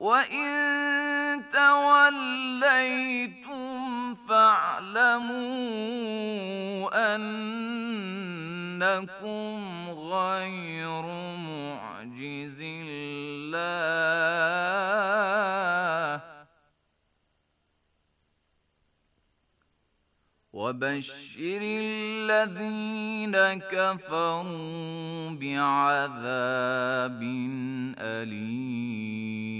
وإن توليتم فاعلموا أنكم غير الله وبشر الذين كفروا بعذاب أليم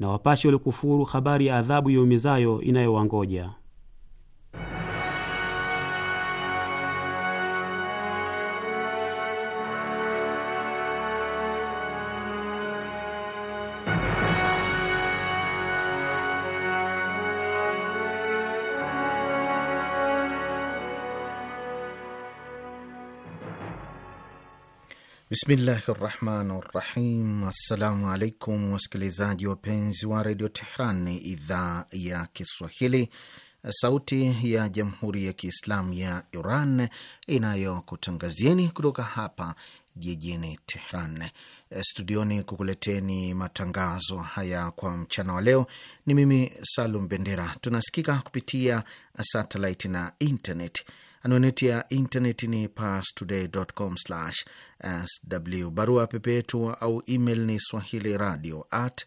na wapashe waliokufuru habari ya adhabu yaumizayo inayowangoja. Bismillahi rahmani rahim. Assalamu alaikum wasikilizaji wapenzi wa redio Tehran, ni idhaa ya Kiswahili, sauti ya jamhuri ya Kiislamu ya Iran inayokutangazieni kutoka hapa jijini Tehran studioni kukuleteni matangazo haya kwa mchana wa leo. Ni mimi Salum Bendera. Tunasikika kupitia satelit na internet. Anwani ya intaneti ni parstoday.com/sw. Barua pepe yetu au email ni swahili radio at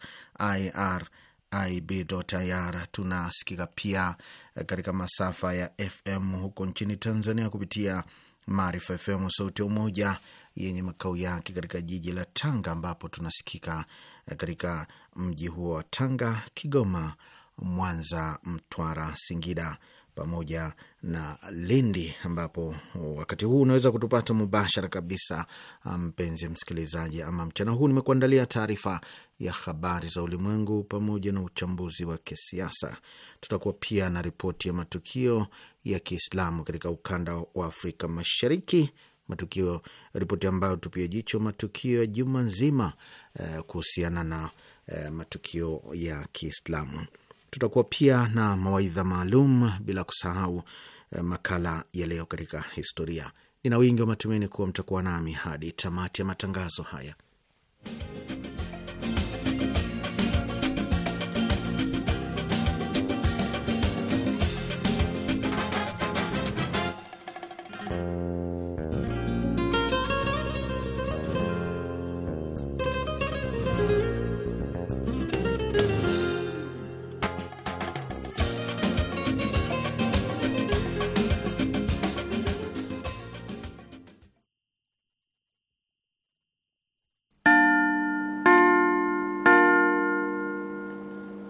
irib.ir. Tunasikika pia eh, katika masafa ya FM huko nchini Tanzania kupitia Maarifa FM Sauti ya Umoja yenye makao yake katika jiji la Tanga, ambapo tunasikika eh, katika mji huo wa Tanga, Kigoma, Mwanza, Mtwara, Singida pamoja na Lindi, ambapo wakati huu unaweza kutupata mubashara kabisa, um, mpenzi msikilizaji. Ama mchana huu nimekuandalia taarifa ya habari za ulimwengu pamoja na uchambuzi wa kisiasa. Tutakuwa pia na ripoti ya matukio ya Kiislamu katika ukanda wa Afrika Mashariki, matukio ripoti ambayo tupia jicho matukio ya juma nzima eh, kuhusiana na eh, matukio ya Kiislamu. Tutakuwa pia na mawaidha maalum, bila kusahau eh, makala ya leo katika historia. Nina wingi wa matumaini kuwa mtakuwa nami hadi tamati ya matangazo haya.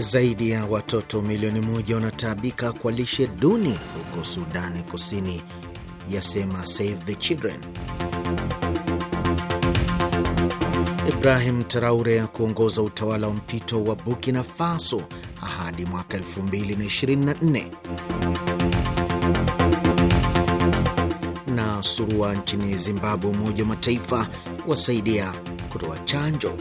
Zaidi ya watoto milioni moja wanataabika kwa lishe duni huko Sudani Kusini, yasema Save the Children. Ibrahim Traore kuongoza utawala wa mpito wa Burkina Faso hadi mwaka 2024 na surua nchini Zimbabwe. Umoja wa Mataifa wasaidia kutoa chanjo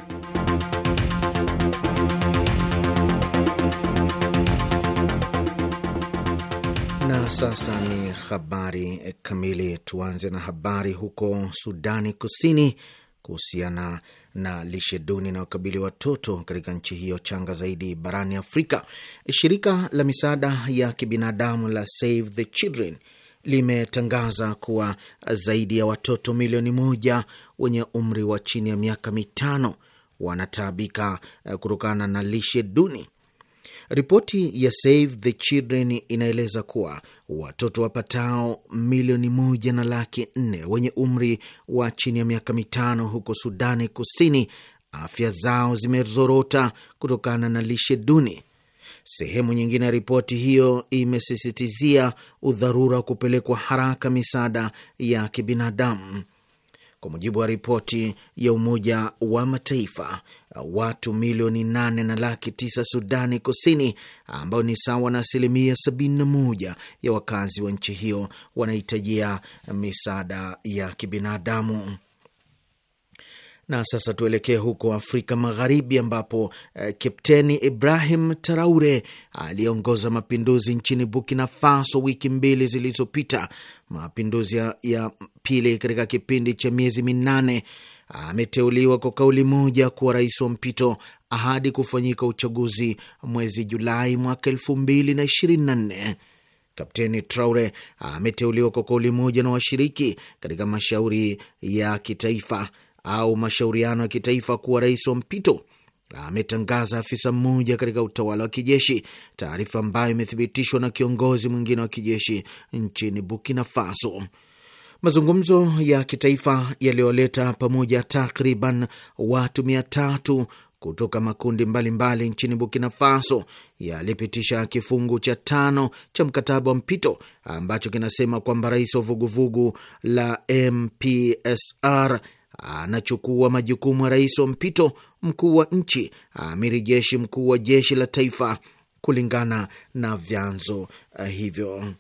Sasa ni habari kamili. Tuanze na habari huko Sudani Kusini kuhusiana na lishe duni na ukabili watoto katika nchi hiyo changa zaidi barani Afrika. Shirika la misaada ya kibinadamu la Save the Children limetangaza kuwa zaidi ya watoto milioni moja wenye umri wa chini ya miaka mitano wanataabika kutokana na lishe duni Ripoti ya Save the Children inaeleza kuwa watoto wapatao milioni moja na laki nne wenye umri wa chini ya miaka mitano huko Sudani Kusini afya zao zimezorota kutokana na lishe duni. Sehemu nyingine ya ripoti hiyo imesisitizia udharura wa kupelekwa haraka misaada ya kibinadamu. Kwa mujibu wa ripoti ya Umoja wa Mataifa, watu milioni nane na laki tisa Sudani Kusini, ambao ni sawa na asilimia 71 ya wakazi wa nchi hiyo, wanahitajia misaada ya kibinadamu. Na sasa tuelekee huko Afrika Magharibi, ambapo eh, Kapteni Ibrahim taraure aliyeongoza mapinduzi nchini Burkina Faso wiki mbili zilizopita, mapinduzi ya, ya pili katika kipindi cha miezi minane, ameteuliwa kwa kauli moja kuwa rais wa mpito ahadi kufanyika uchaguzi mwezi Julai mwaka elfu mbili na ishirini na nne. Kapteni Traure ameteuliwa kwa kauli moja na washiriki katika mashauri ya kitaifa au mashauriano ya kitaifa kuwa rais wa mpito, ametangaza afisa mmoja katika utawala wa kijeshi, taarifa ambayo imethibitishwa na kiongozi mwingine wa kijeshi nchini Burkina Faso. Mazungumzo ya kitaifa yaliyoleta pamoja takriban watu mia tatu kutoka makundi mbalimbali mbali nchini Burkina Faso yalipitisha kifungu cha tano cha mkataba wa mpito ambacho kinasema kwamba rais wa vuguvugu la MPSR anachukua majukumu ya rais wa mpito, mkuu wa nchi, amiri jeshi mkuu wa jeshi la taifa, kulingana na vyanzo eh, hivyo.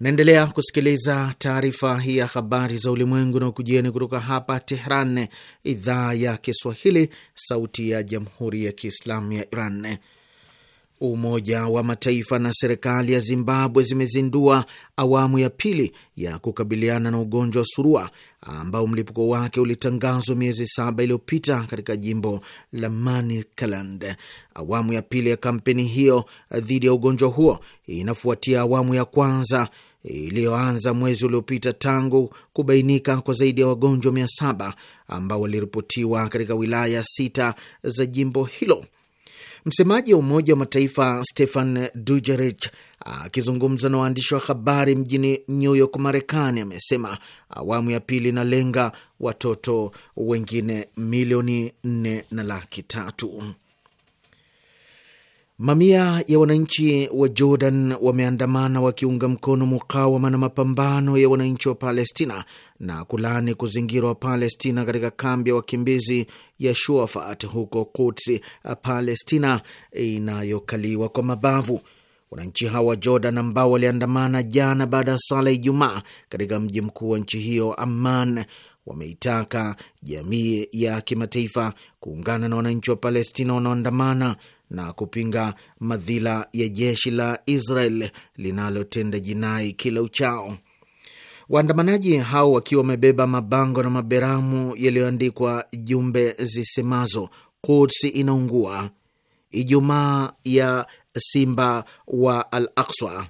Naendelea kusikiliza taarifa hii ya habari za ulimwengu na ukujieni kutoka hapa Tehran, idhaa ya Kiswahili, sauti ya jamhuri ya kiislamu ya Iran. Umoja wa Mataifa na serikali ya Zimbabwe zimezindua awamu ya pili ya kukabiliana na ugonjwa wa surua ambao mlipuko wake ulitangazwa miezi saba iliyopita katika jimbo la Manicaland. Awamu ya pili ya kampeni hiyo dhidi ya ugonjwa huo inafuatia awamu ya kwanza iliyoanza mwezi uliopita tangu kubainika kwa zaidi ya wagonjwa mia saba ambao waliripotiwa katika wilaya sita za jimbo hilo. Msemaji wa Umoja wa Mataifa Stefan Dujarric akizungumza na waandishi wa habari mjini New York, Marekani, amesema awamu ya pili inalenga watoto wengine milioni nne na laki tatu. Mamia ya wananchi wa Jordan wameandamana wakiunga mkono mukawama na mapambano ya wananchi wa Palestina na kulani kuzingirwa wa Palestina katika kambi ya wakimbizi ya Shuafat huko Quds, Palestina inayokaliwa kwa mabavu. Wananchi hawa wa Jordan ambao waliandamana jana baada ya sala ya Ijumaa katika mji mkuu wa nchi hiyo Amman, wameitaka jamii ya kimataifa kuungana na wananchi wa Palestina wanaoandamana na kupinga madhila ya jeshi la Israel linalotenda jinai kila uchao. Waandamanaji hao wakiwa wamebeba mabango na maberamu yaliyoandikwa jumbe zisemazo Quds inaungua, Ijumaa ya simba wa Al Aqsa.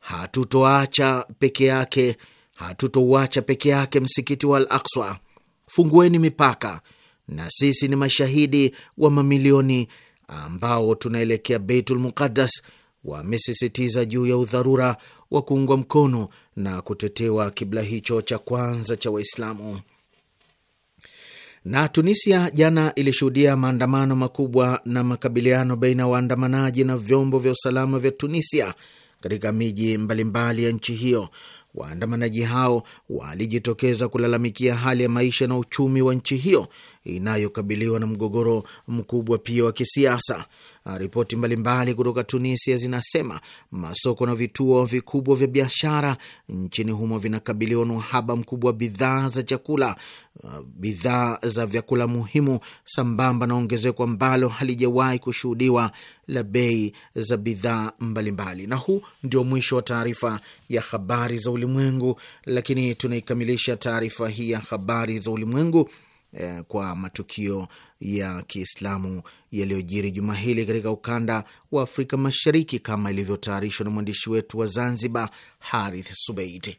Hatutoacha peke yake, hatutouacha peke yake msikiti wa Al Aqsa. Fungueni mipaka, na sisi ni mashahidi wa mamilioni ambao tunaelekea Beitul Muqaddas. Wamesisitiza juu ya udharura wa kuungwa mkono na kutetewa kibla hicho cha kwanza cha Waislamu. Na Tunisia jana ilishuhudia maandamano makubwa na makabiliano baina ya waandamanaji na vyombo vya usalama vya Tunisia katika miji mbalimbali ya nchi hiyo. Waandamanaji hao walijitokeza kulalamikia hali ya maisha na uchumi wa nchi hiyo inayokabiliwa na mgogoro mkubwa pia wa kisiasa. Ripoti mbalimbali kutoka Tunisia zinasema masoko na vituo vikubwa vya biashara nchini humo vinakabiliwa na uhaba mkubwa wa bidhaa za chakula, uh, bidhaa za vyakula muhimu, sambamba na ongezeko ambalo halijawahi kushuhudiwa la bei za bidhaa mbalimbali. Na huu ndio mwisho wa taarifa ya habari za ulimwengu, lakini tunaikamilisha taarifa hii ya habari za ulimwengu eh, kwa matukio ya Kiislamu yaliyojiri juma hili katika ukanda wa Afrika Mashariki, kama ilivyotayarishwa na mwandishi wetu wa Zanzibar, Harith Subeiti.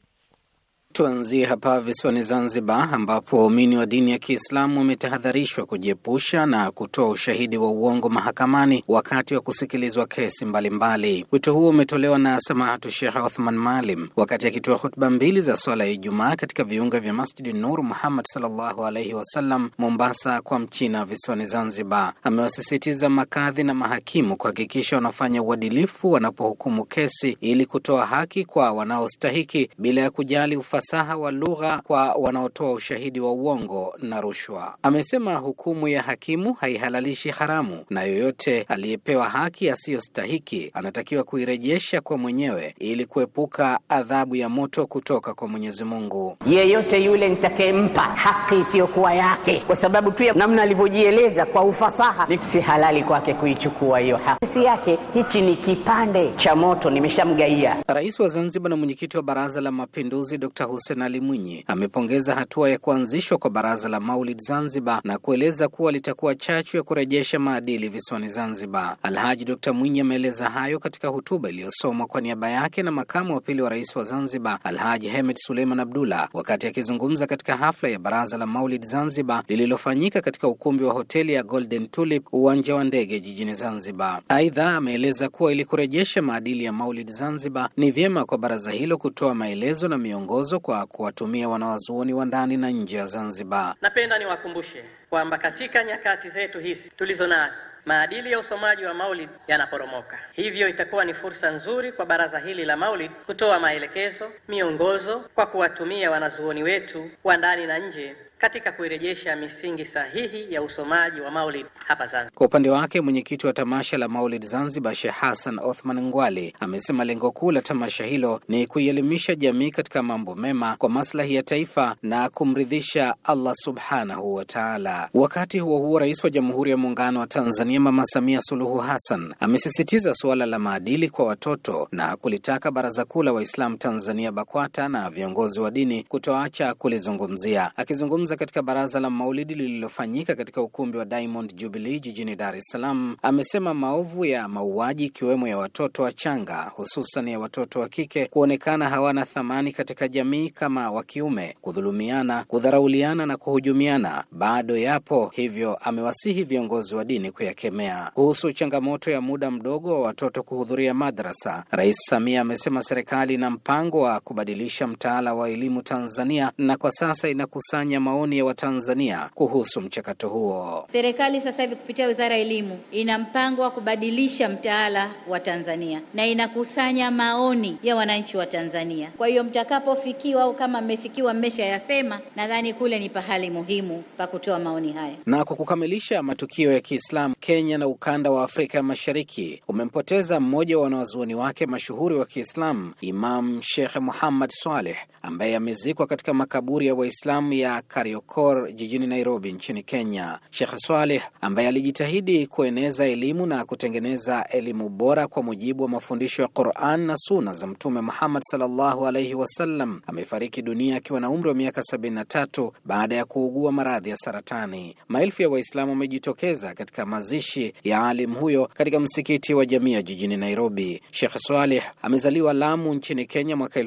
Tuanzie hapa visiwani Zanzibar, ambapo waumini wa dini ya Kiislamu wametahadharishwa kujiepusha na kutoa ushahidi wa uongo mahakamani wakati wa kusikilizwa kesi mbalimbali. Wito huo umetolewa na samahatu Shekh Othman Maalim wakati akitoa hutuba mbili za swala ya Ijumaa katika viunga vya Masjidi Nur Muhammad sallallahu alaihi wasallam, Mombasa, kwa mchina visiwani Zanzibar. Amewasisitiza makadhi na mahakimu kuhakikisha wanafanya uadilifu wanapohukumu kesi ili kutoa haki kwa wanaostahiki bila ya kujali ufasi ufasaha wa lugha kwa wanaotoa ushahidi wa uongo na rushwa. Amesema hukumu ya hakimu haihalalishi haramu, na yoyote aliyepewa haki asiyostahiki anatakiwa kuirejesha kwa mwenyewe ili kuepuka adhabu ya moto kutoka kwa Mwenyezi Mungu. Yeyote yule nitakayempa haki isiyokuwa yake kwa sababu tu ya namna alivyojieleza kwa ufasaha, si halali kwake kuichukua hiyo haki, si yake. Hichi ni kipande cha moto, nimeshamgaia. Rais wa Zanzibar na mwenyekiti wa Baraza la Mapinduzi Dr. Hussein Ali Mwinyi amepongeza hatua ya kuanzishwa kwa baraza la Maulid Zanzibar na kueleza kuwa litakuwa chachu ya kurejesha maadili visiwani Zanzibar. Alhaji Dr Mwinyi ameeleza hayo katika hotuba iliyosomwa kwa niaba yake na makamu wa pili wa rais wa Zanzibar Alhaji Hemed Suleiman Abdullah wakati akizungumza katika hafla ya baraza la Maulid Zanzibar lililofanyika katika ukumbi wa hoteli ya Golden Tulip, uwanja wa ndege jijini Zanzibar. Aidha, ameeleza kuwa ili kurejesha maadili ya Maulid Zanzibar ni vyema kwa baraza hilo kutoa maelezo na miongozo vikwazo kwa kuwatumia wanawazuoni wa ndani na nje ya Zanzibar. Napenda niwakumbushe kwamba katika nyakati zetu hizi tulizo nazo maadili ya usomaji wa maulid yanaporomoka. Hivyo itakuwa ni fursa nzuri kwa baraza hili la maulid kutoa maelekezo, miongozo kwa kuwatumia wanazuoni wetu wa ndani na nje katika kuirejesha misingi sahihi ya usomaji wa maulid hapa Zanzibar. Kwa upande wake, mwenyekiti wa tamasha la maulid Zanzibar, Sheh Hassan Othman Ngwali, amesema lengo kuu la tamasha hilo ni kuielimisha jamii katika mambo mema kwa maslahi ya taifa na kumridhisha Allah subhanahu wa taala. Wakati huo huo, rais wa Jamhuri ya Muungano wa Tanzania Mama Samia Suluhu Hassan amesisitiza suala la maadili kwa watoto na kulitaka Baraza Kuu la Waislamu Tanzania BAKWATA na viongozi wa dini kutoacha kulizungumzia. Akizungumza Akizungumza katika baraza la maulidi lililofanyika katika ukumbi wa Diamond Jubilee jijini Dar es Salaam, amesema maovu ya mauaji ikiwemo ya watoto wachanga, hususan ya watoto wa kike kuonekana hawana thamani katika jamii kama wa kiume, kudhulumiana, kudharauliana na kuhujumiana bado yapo, hivyo amewasihi viongozi wa dini kuyakemea. Kuhusu changamoto ya muda mdogo wa watoto kuhudhuria madrasa, Rais Samia amesema serikali ina mpango wa kubadilisha mtaala wa elimu Tanzania na kwa sasa inakusanya maoni ya Watanzania kuhusu mchakato huo. Serikali sasa hivi kupitia Wizara ya Elimu ina mpango wa kubadilisha mtaala wa Tanzania na inakusanya maoni ya wananchi wa Tanzania. Kwa hiyo mtakapofikiwa au kama mmefikiwa mmesha yasema, nadhani kule ni pahali muhimu pa kutoa maoni haya. Na kwa kukamilisha, matukio ya Kiislamu Kenya na ukanda wa Afrika ya Mashariki umempoteza mmoja wa wanawazuoni wake mashuhuri wa Kiislamu, Imam shekh Muhammad Saleh ambaye amezikwa katika makaburi ya Waislamu ya Kariokor jijini Nairobi nchini Kenya. shekh Swaleh ambaye alijitahidi kueneza elimu na kutengeneza elimu bora kwa mujibu wa mafundisho ya Quran na Suna za Mtume Muhammad sallallahu alaihi wasallam amefariki dunia akiwa na umri wa miaka 73 baada ya kuugua maradhi ya saratani. Maelfu ya Waislamu wamejitokeza katika mazishi ya alim huyo katika msikiti wa Jamia jijini Nairobi. Shekh Swaleh amezaliwa Lamu nchini Kenya mwaka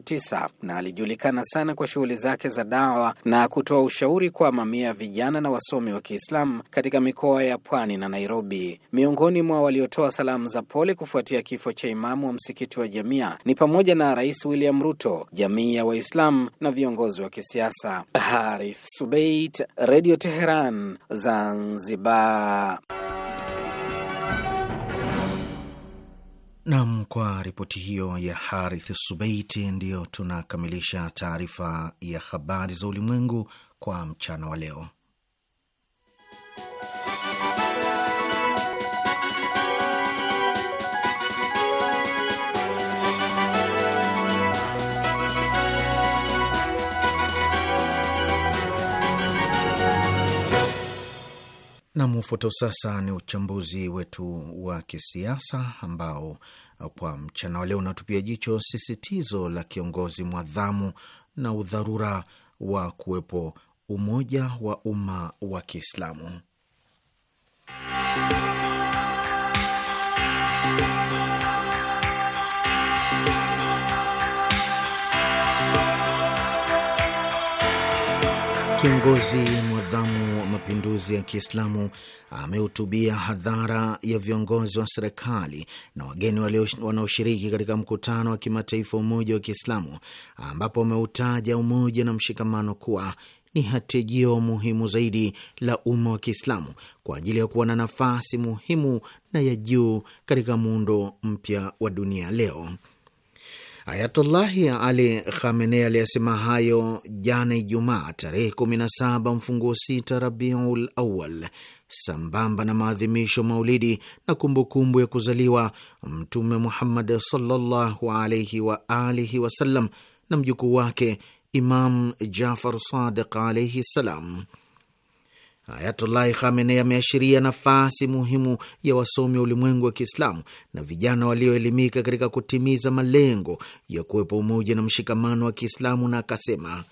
19 na alijulikana sana kwa shughuli zake za dawa na kutoa ushauri kwa mamia ya vijana na wasomi wa Kiislamu katika mikoa ya Pwani na Nairobi. Miongoni mwa waliotoa salamu za pole kufuatia kifo cha imamu wa msikiti wa Jamia ni pamoja na Rais William Ruto, jamii ya Waislamu na viongozi wa kisiasa. Harith Subeit, Radio Teheran, Zanzibar. Nam, kwa ripoti hiyo ya Harith Subeiti ndiyo tunakamilisha taarifa ya habari za ulimwengu kwa mchana wa leo. Nam ufoto sasa ni uchambuzi wetu wa kisiasa ambao kwa mchana wa leo unatupia jicho sisitizo la kiongozi mwadhamu na udharura wa kuwepo umoja wa umma wa Kiislamu. Kiongozi mapinduzi ya Kiislamu amehutubia hadhara ya viongozi wa serikali na wageni wanaoshiriki katika mkutano wa kimataifa umoja wa Kiislamu, ambapo ameutaja umoja na mshikamano kuwa ni hatijio muhimu zaidi la umma wa Kiislamu kwa ajili ya kuwa na nafasi muhimu na ya juu katika muundo mpya wa dunia leo. Ayatullahi Ali Khamenei aliyesema hayo jana Ijumaa tarehe 17 mfunguo sita Rabiul Awal sambamba na maadhimisho maulidi na kumbukumbu kumbu ya kuzaliwa Mtume Muhammad sallallahu alaihi wa alihi wasallam na mjukuu wake Imam Jafar Sadiq alaihi ssalam. Ayatullahi Khamenei ameashiria nafasi muhimu ya wasomi wa ulimwengu wa Kiislamu na vijana walioelimika katika kutimiza malengo ya kuwepo umoja na mshikamano wa Kiislamu, na akasema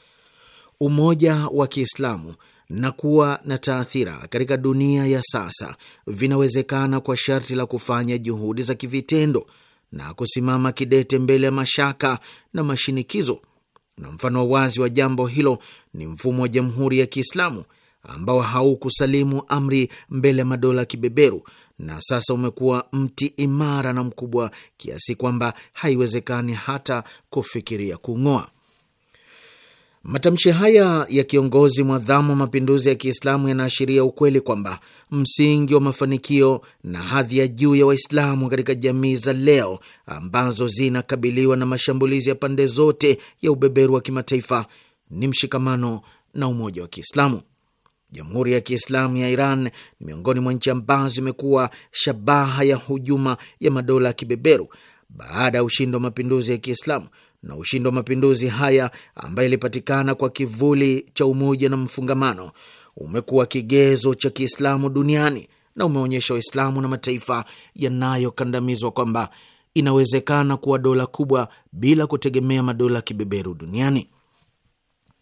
umoja wa Kiislamu na kuwa na taathira katika dunia ya sasa vinawezekana kwa sharti la kufanya juhudi za kivitendo na kusimama kidete mbele ya mashaka na mashinikizo, na mfano wa wazi wa jambo hilo ni mfumo wa Jamhuri ya Kiislamu ambao haukusalimu amri mbele ya madola ya kibeberu na sasa umekuwa mti imara na mkubwa kiasi kwamba haiwezekani hata kufikiria kung'oa. Matamshi haya ya kiongozi mwadhamu wa mapinduzi ya Kiislamu yanaashiria ukweli kwamba msingi wa mafanikio na hadhi ya juu ya Waislamu katika jamii za leo ambazo zinakabiliwa na mashambulizi ya pande zote ya ubeberu wa kimataifa ni mshikamano na umoja wa Kiislamu. Jamhuri ya Kiislamu ya Iran ni miongoni mwa nchi ambazo imekuwa shabaha ya hujuma ya madola ya kibeberu baada ya ushindi wa mapinduzi ya Kiislamu na ushindi wa mapinduzi haya ambayo ilipatikana kwa kivuli cha umoja na mfungamano umekuwa kigezo cha Kiislamu duniani na umeonyesha Waislamu na mataifa yanayokandamizwa kwamba inawezekana kuwa dola kubwa bila kutegemea madola ya kibeberu duniani.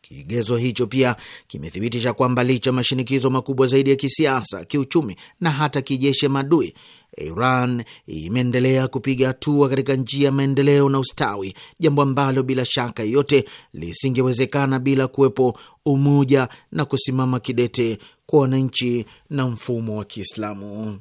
Kigezo hicho pia kimethibitisha kwamba licha mashinikizo makubwa zaidi ya kisiasa, kiuchumi na hata kijeshi madui, maadui, Iran imeendelea kupiga hatua katika njia ya maendeleo na ustawi, jambo ambalo bila shaka yote lisingewezekana bila kuwepo umoja na kusimama kidete kwa wananchi na mfumo wa Kiislamu.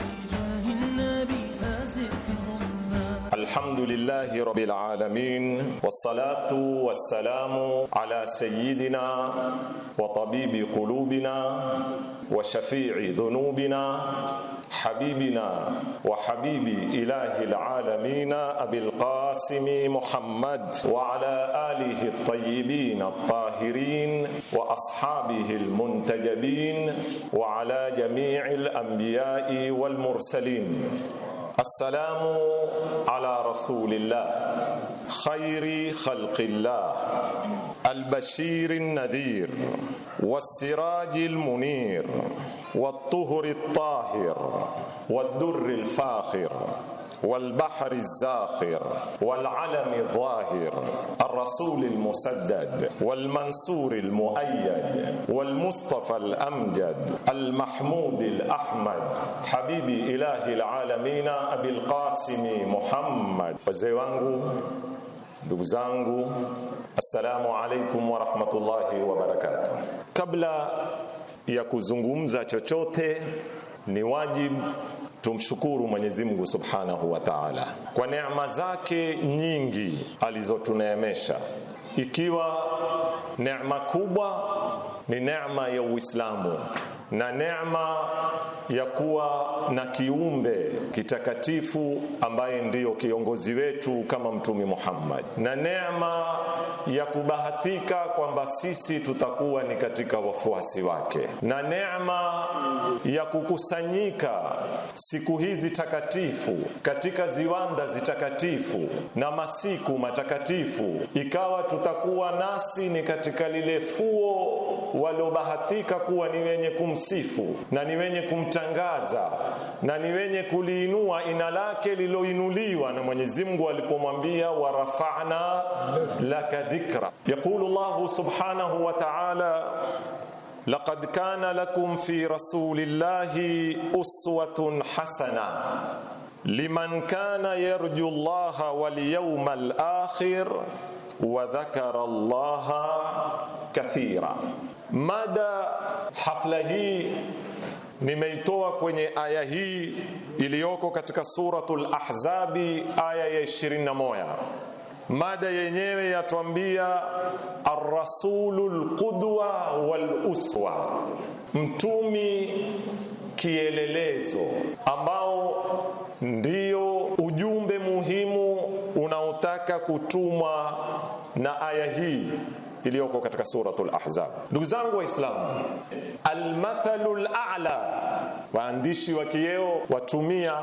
الحمد لله رب العالمين والصلاة والسلام على سيدنا وطبيب قلوبنا وشفيع ذنوبنا حبيبنا وحبيب إله العالمين أبي القاسم محمد وعلى آله الطيبين الطاهرين وأصحابه المنتجبين وعلى جميع الأنبياء والمرسلين السلام على رسول الله خير خلق الله البشير النذير والسراج المنير والطهر الطاهر والدر الفاخر والبحر الزاخر والعلم الظاهر الرسول المسدد والمنصور المؤيد والمصطفى الأمجد المحمود الأحمد حبيبي إله العالمين أبي القاسم محمد wazee wangu ndugu zangu assalamu alaikum warahmatullahi wabarakatuh kabla ya kuzungumza chochote ni wajibu Tumshukuru Mwenyezi Mungu Subhanahu wa Ta'ala kwa neema zake nyingi alizotuneemesha, ikiwa neema kubwa ni neema ya Uislamu na neema ya kuwa na kiumbe kitakatifu ambaye ndiyo kiongozi wetu kama Mtume Muhammad, na neema ya kubahatika kwamba sisi tutakuwa ni katika wafuasi wake, na neema ya kukusanyika siku hizi takatifu katika ziwanda zitakatifu na masiku matakatifu, ikawa tutakuwa nasi ni katika lile fuo waliobahatika kuwa ni wenye kumsifu na ni wenye kumtangaza na ni wenye kuliinua ina lake liloinuliwa na Mwenyezi Mungu alipomwambia warafa'na laka dhikra. Yaqulu Allah subhanahu wa ta'ala laqad kana lakum fi rasulillahi uswatun hasana liman kana yarju llaha wal yawmal akhir wa dhakara Allah kathira. Mada hafla hii nimeitoa kwenye aya hii iliyoko katika suratul Ahzabi aya ya 21. Mada yenyewe yatwambia arrasulul qudwa wal uswa, mtumi kielelezo, ambao ndio ujumbe muhimu unaotaka kutumwa na aya hii iliyoko katika suratul Ahzab. Ndugu zangu Waislamu, almathalul a'la, waandishi wa kieo watumia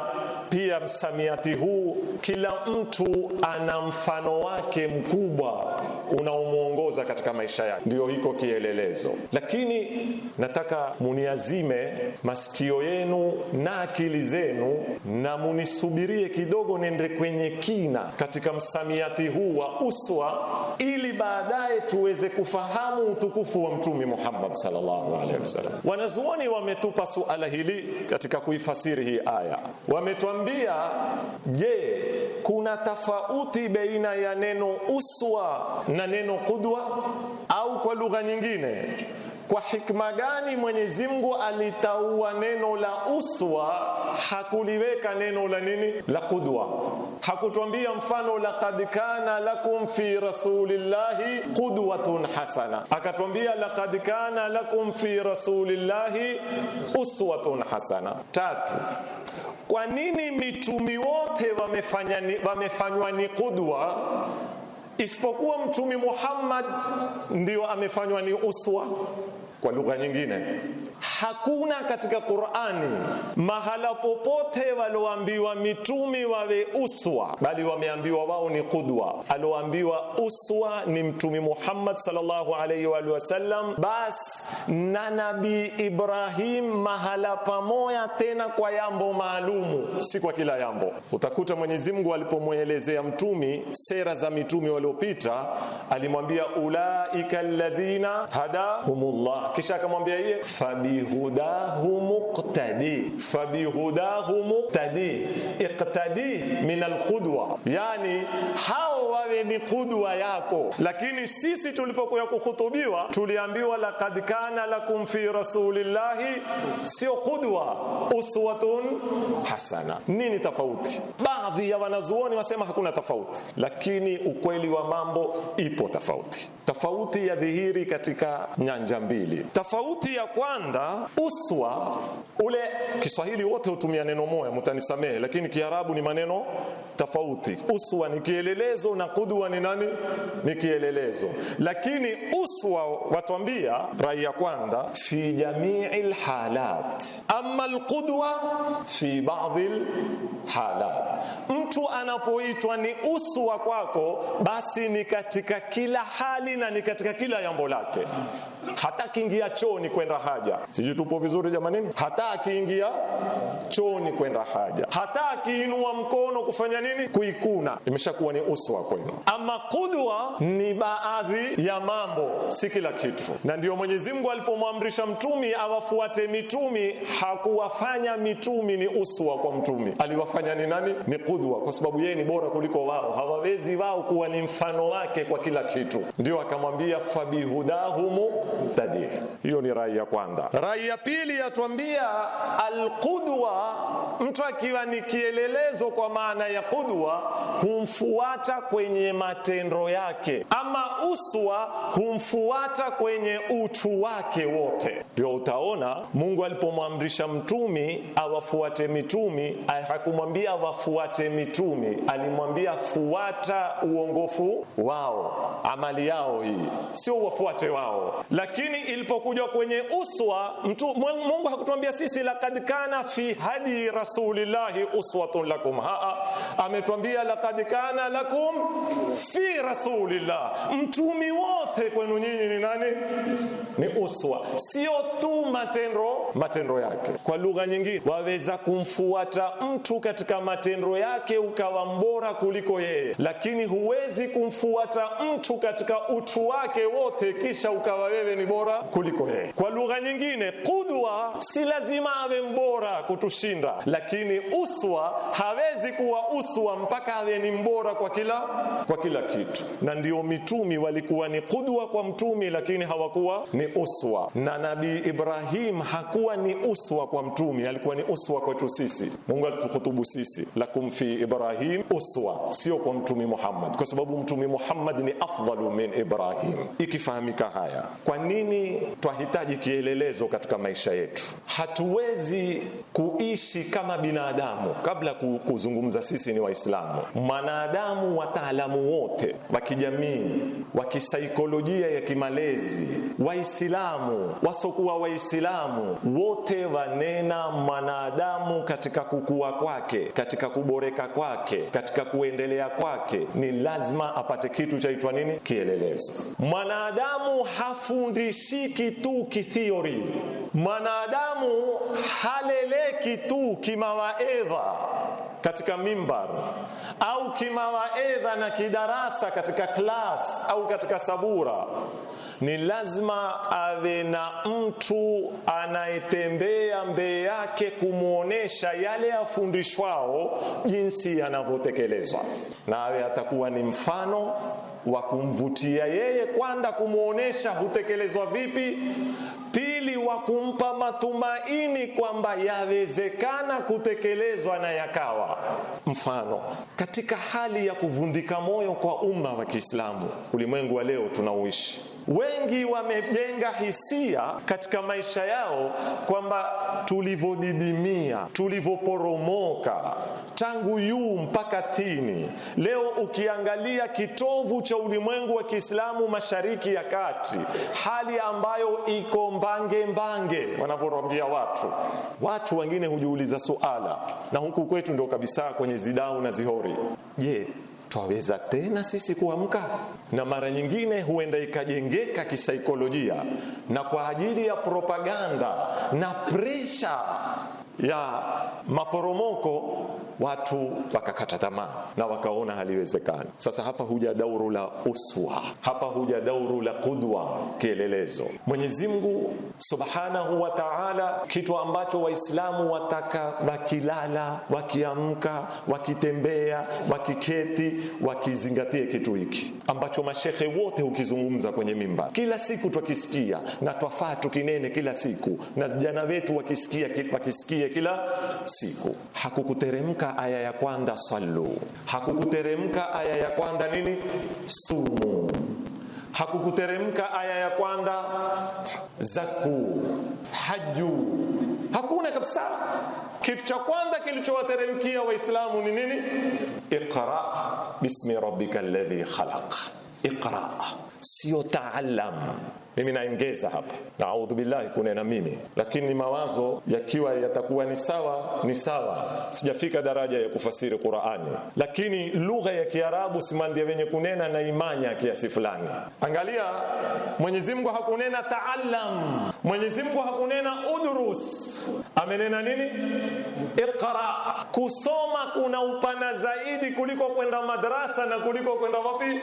pia msamiati huu, kila mtu ana mfano wake mkubwa unaomwongoza katika maisha yake, ndiyo hiko kielelezo. Lakini nataka muniazime masikio yenu na akili zenu, na munisubirie kidogo, nende kwenye kina katika msamiati huu wa uswa, ili baadaye tuweze kufahamu utukufu wa Mtume Muhammad sallallahu alaihi wasallam. Wanazuoni wametupa suala hili katika kuifasiri hii aya, wametuambia je, kuna tofauti baina ya neno uswa na neno kudwa? au kwa lugha nyingine kwa hikma gani Mwenyezi Mungu alitaua neno la uswa hakuliweka neno la nini la kudwa? hakutwambia mfano laqad kana lakum fi rasulillahi qudwatun hasana akatwambia laqad kana lakum fi rasulillahi uswatun hasana tatu kwa nini mitumi wote wamefanywa ni qudwa isipokuwa mtumi Muhammad ndio amefanywa ni uswa kwa lugha nyingine, hakuna katika Qur'ani mahala popote walioambiwa mitumi wawe uswa, bali wameambiwa wao ni qudwa. alioambiwa uswa ni Mtume Muhammad sallallahu alayhi wa sallam, bas na Nabii Ibrahim mahala pamoja, tena kwa yambo maalumu, si kwa kila yambo. Utakuta Mwenyezi Mungu alipomwelezea mtumi sera za mitume waliopita, alimwambia ulaika alladhina hadahumullah kisha akamwambia yeye fabihudahu muqtadi fabihudahu muqtadi iqtadi min alqudwa yani ha awe ni kudwa yako. Lakini sisi tulipokuwa kuhutubiwa, tuliambiwa laqad kana lakum fi rasulillahi, sio kudwa, uswatun hasana. Nini tofauti? Baadhi ya wanazuoni wasema hakuna tofauti, lakini ukweli wa mambo ipo tofauti. Tofauti ya dhihiri katika nyanja mbili. Tofauti ya kwanza, uswa ule, Kiswahili wote hutumia neno moja, mtanisamehe, lakini Kiarabu ni maneno tofauti. Uswa ni kielelezo na qudwa ni nani? Ni kielelezo. Lakini uswa watwambia ya kwanza, fi jamii lhalat, ama alqudwa fi baadhi lhalat. Mtu anapoitwa ni uswa kwako, basi ni katika kila hali na ni katika kila jambo lake hata akiingia chooni kwenda haja. Sijui tupo vizuri jamanini? Hata akiingia chooni kwenda haja, hata akiinua mkono kufanya nini, kuikuna, imeshakuwa ni uswa kwenu. Ama kudwa ni baadhi ya mambo, si kila kitu, na ndio Mwenyezi Mungu alipomwamrisha mtumi awafuate mitumi, hakuwafanya mitumi ni uswa kwa mtumi, aliwafanya ni nani? Ni kudwa, kwa sababu yeye ni bora kuliko wao, hawawezi wao kuwa ni mfano wake kwa kila kitu, ndio akamwambia fabihudahumu muqtadi. Hiyo ni rai ya kwanza. Rai ya pili yatwambia alqudwa, mtu akiwa ni kielelezo kwa maana ya qudwa, humfuata kwenye matendo yake, ama uswa humfuata kwenye utu wake wote. Ndio utaona Mungu alipomwamrisha mtumi awafuate mitumi, hakumwambia wafuate mitumi, alimwambia fuata uongofu wao, amali yao hii, sio wafuate wao lakini ilipokuja kwenye uswa mtu, Mungu hakutuambia sisi laqad kana fi hadi rasulillahi uswatun lakum. Haa, ametuambia laqad kana lakum fi rasulillah, mtumi wote kwenu nyinyi ni nani? Ni uswa, sio tu matendo matendo yake. Kwa lugha nyingine, waweza kumfuata mtu katika matendo yake ukawa mbora kuliko yeye, lakini huwezi kumfuata mtu katika utu wake wote kisha ukawa wewe wewe ni bora kuliko yeye. Kwa lugha nyingine, kudwa si lazima awe mbora kutushinda, lakini uswa hawezi kuwa uswa mpaka awe ni mbora kwa kila kwa kila kitu. Na ndio mitumi walikuwa ni kudwa kwa mtumi, lakini hawakuwa ni uswa. Na Nabii Ibrahim hakuwa ni uswa kwa mtumi, alikuwa ni uswa kwetu sisi. Mungu alituhutubu sisi, lakum fi Ibrahim uswa, sio kwa mtumi Muhammad, kwa sababu mtumi Muhammad ni afdalu min Ibrahim. Ikifahamika haya kwa nini twahitaji kielelezo katika maisha yetu? Hatuwezi kuishi kama binadamu. Kabla kuzungumza sisi ni Waislamu, mwanadamu, wataalamu wote wa kijamii, wa kisaikolojia ya kimalezi, Waislamu wasokuwa Waislamu wote wanena mwanadamu katika kukua kwake, katika kuboreka kwake, katika kuendelea kwake, ni lazima apate kitu chaitwa nini? Kielelezo. Mwanadamu hafu hafundishiki tu kithiori, mwanadamu haleleki tu kimawaedha katika mimbar au kimawaedha na kidarasa katika klas au katika sabura ni lazima awe na mtu anayetembea mbele yake kumwonyesha yale afundishwao jinsi yanavyotekelezwa, na awe atakuwa ni mfano wa kumvutia yeye, kwanza kumwonyesha hutekelezwa vipi, pili wa kumpa matumaini kwamba yawezekana kutekelezwa na yakawa. Mfano, katika hali ya kuvundika moyo kwa umma wa Kiislamu, ulimwengu wa leo tunaoishi Wengi wamejenga hisia katika maisha yao kwamba tulivyodidimia, tulivyoporomoka tangu yuu mpaka tini. Leo ukiangalia kitovu cha ulimwengu wa Kiislamu Mashariki ya Kati, hali ambayo iko mbange mbange, wanavyoambia watu. Watu wengine hujiuliza suala, na huku kwetu ndio kabisa kwenye zidau na zihori. Je, yeah twaweza tena sisi kuamka? Na mara nyingine huenda ikajengeka kisaikolojia na kwa ajili ya propaganda na presha ya maporomoko watu wakakata tamaa na wakaona haliwezekani. Sasa hapa huja dauru la uswa, hapa huja dauru la kudwa kielelezo. Mwenyezi Mungu subhanahu wa taala, kitu ambacho Waislamu wataka wakilala, wakiamka, wakitembea, wakiketi, wakizingatie kitu hiki ambacho mashekhe wote hukizungumza kwenye mimba kila siku, twakisikia na twafaa tukinene kila siku, na vijana wetu wakisikia, wakisikia kila siku. Hakukuteremka hakukuteremka aya ya kwanza sallu, hakukuteremka aya ya kwanza nini sumu, hakukuteremka aya ya kwanza zaku, haju, hakuna kabisa. Kitu cha kwanza kilichowateremkia Waislamu ni nini? Iqra bismi rabbika alladhi khalaq. Iqra sio taalam mimi naengeza hapa, audhu billahi kunena mimi, lakini mawazo yakiwa yatakuwa ni sawa ni sawa. Sijafika daraja ya kufasiri Qur'ani, lakini lugha ya Kiarabu simandia wenye kunena na imanya kiasi fulani. Angalia, Mwenyezi Mungu hakunena taallam, Mwenyezi Mungu hakunena udrus, amenena nini? Iqra. Kusoma kuna upana zaidi kuliko kwenda madrasa na kuliko kwenda wapi?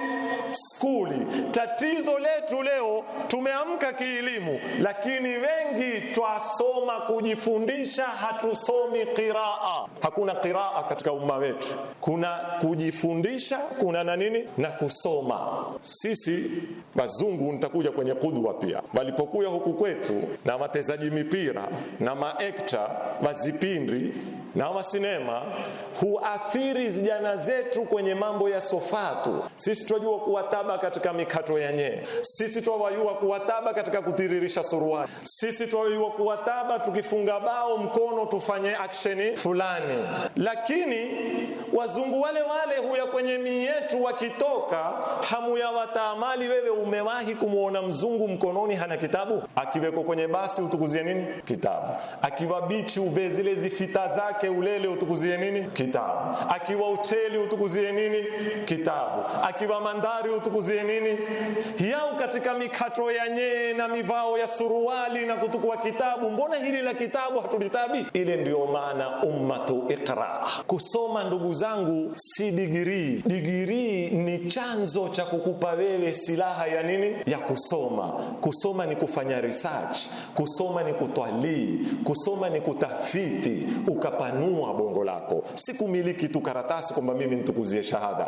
Skuli. Tatizo letu leo tum tumeamka kielimu, lakini wengi twasoma kujifundisha, hatusomi qiraa. Hakuna qiraa katika umma wetu, kuna kujifundisha, kuna na nini na kusoma. Sisi wazungu, nitakuja kwenye kudwa pia, walipokuja huku kwetu na watezaji mipira na maekta wazipindi na masinema huathiri zijana zetu kwenye mambo ya sofatu. Sisi twajua kuwataba katika mikato yenyewe, sisi twawayua kuwataba katika kutiririsha suruali. Sisi twaiwa kuwataba tukifunga bao mkono tufanye action fulani, lakini wazungu wale wale huya kwenye mii yetu wakitoka, hamu ya wataamali. Wewe umewahi kumwona mzungu mkononi hana kitabu? Akiweko kwenye basi utukuzie nini? Kitabu. Akiwa bichi uve zile zifita zake ulele utukuzie nini? Kitabu. Akiwa hoteli utukuzie nini? Kitabu. Akiwa mandhari utukuzie nini? Yao katika mikato ya nyee na mivao ya suruali na kutukua kitabu, mbona hili la kitabu hatulitabi? Ile ndiyo maana ummatu iqra. Kusoma ndugu zangu si digirii. Digirii ni chanzo cha kukupa wewe silaha ya nini? Ya kusoma. Kusoma ni kufanya research, kusoma ni kutwalii, kusoma ni kutafiti, ukapanua bongo lako, si kumiliki tu karatasi kwamba mimi nitukuzie shahada.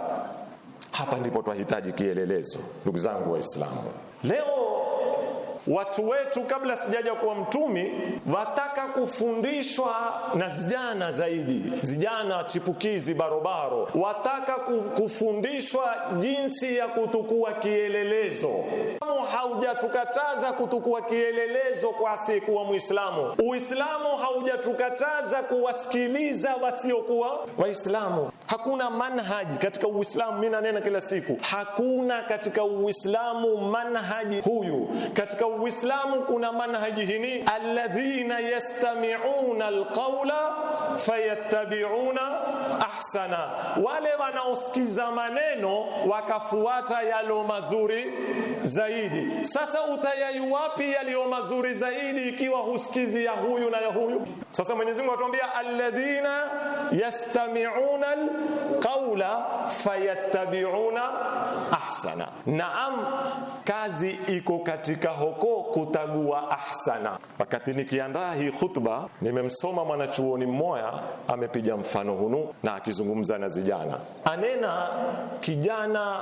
Hapa ndipo twahitaji kielelezo, ndugu zangu Waislamu leo watu wetu kabla sijaja kuwa mtumi wataka kufundishwa na zijana zaidi, zijana chipukizi barobaro wataka kufundishwa jinsi ya kutukua kielelezo haujatukataza kutukua kielelezo kwa asiyekuwa Muislamu. Uislamu haujatukataza kuwasikiliza wasiokuwa Waislamu. Hakuna manhaji katika Uislamu, mimi nanena kila siku, hakuna katika Uislamu manhaji huyu. Katika Uislamu kuna manhaji hini, alladhina yastami'una alqawla fayattabi'una ahsana, wale wanaosikiza maneno wakafuata yalo mazuri zaidi zaidi. Sasa utayai wapi yaliyo mazuri zaidi ikiwa husikizi ya huyu na ya huyu? Sasa Mwenyezi Mungu atuambia alladhina yastami'una alqawla fayattabi'una ahsana. Naam, kazi iko katika hoko kutagua ahsana. Wakati nikiandaa hii khutba, nimemsoma mwanachuoni mmoja amepiga mfano hunu na akizungumza na zijana anena kijana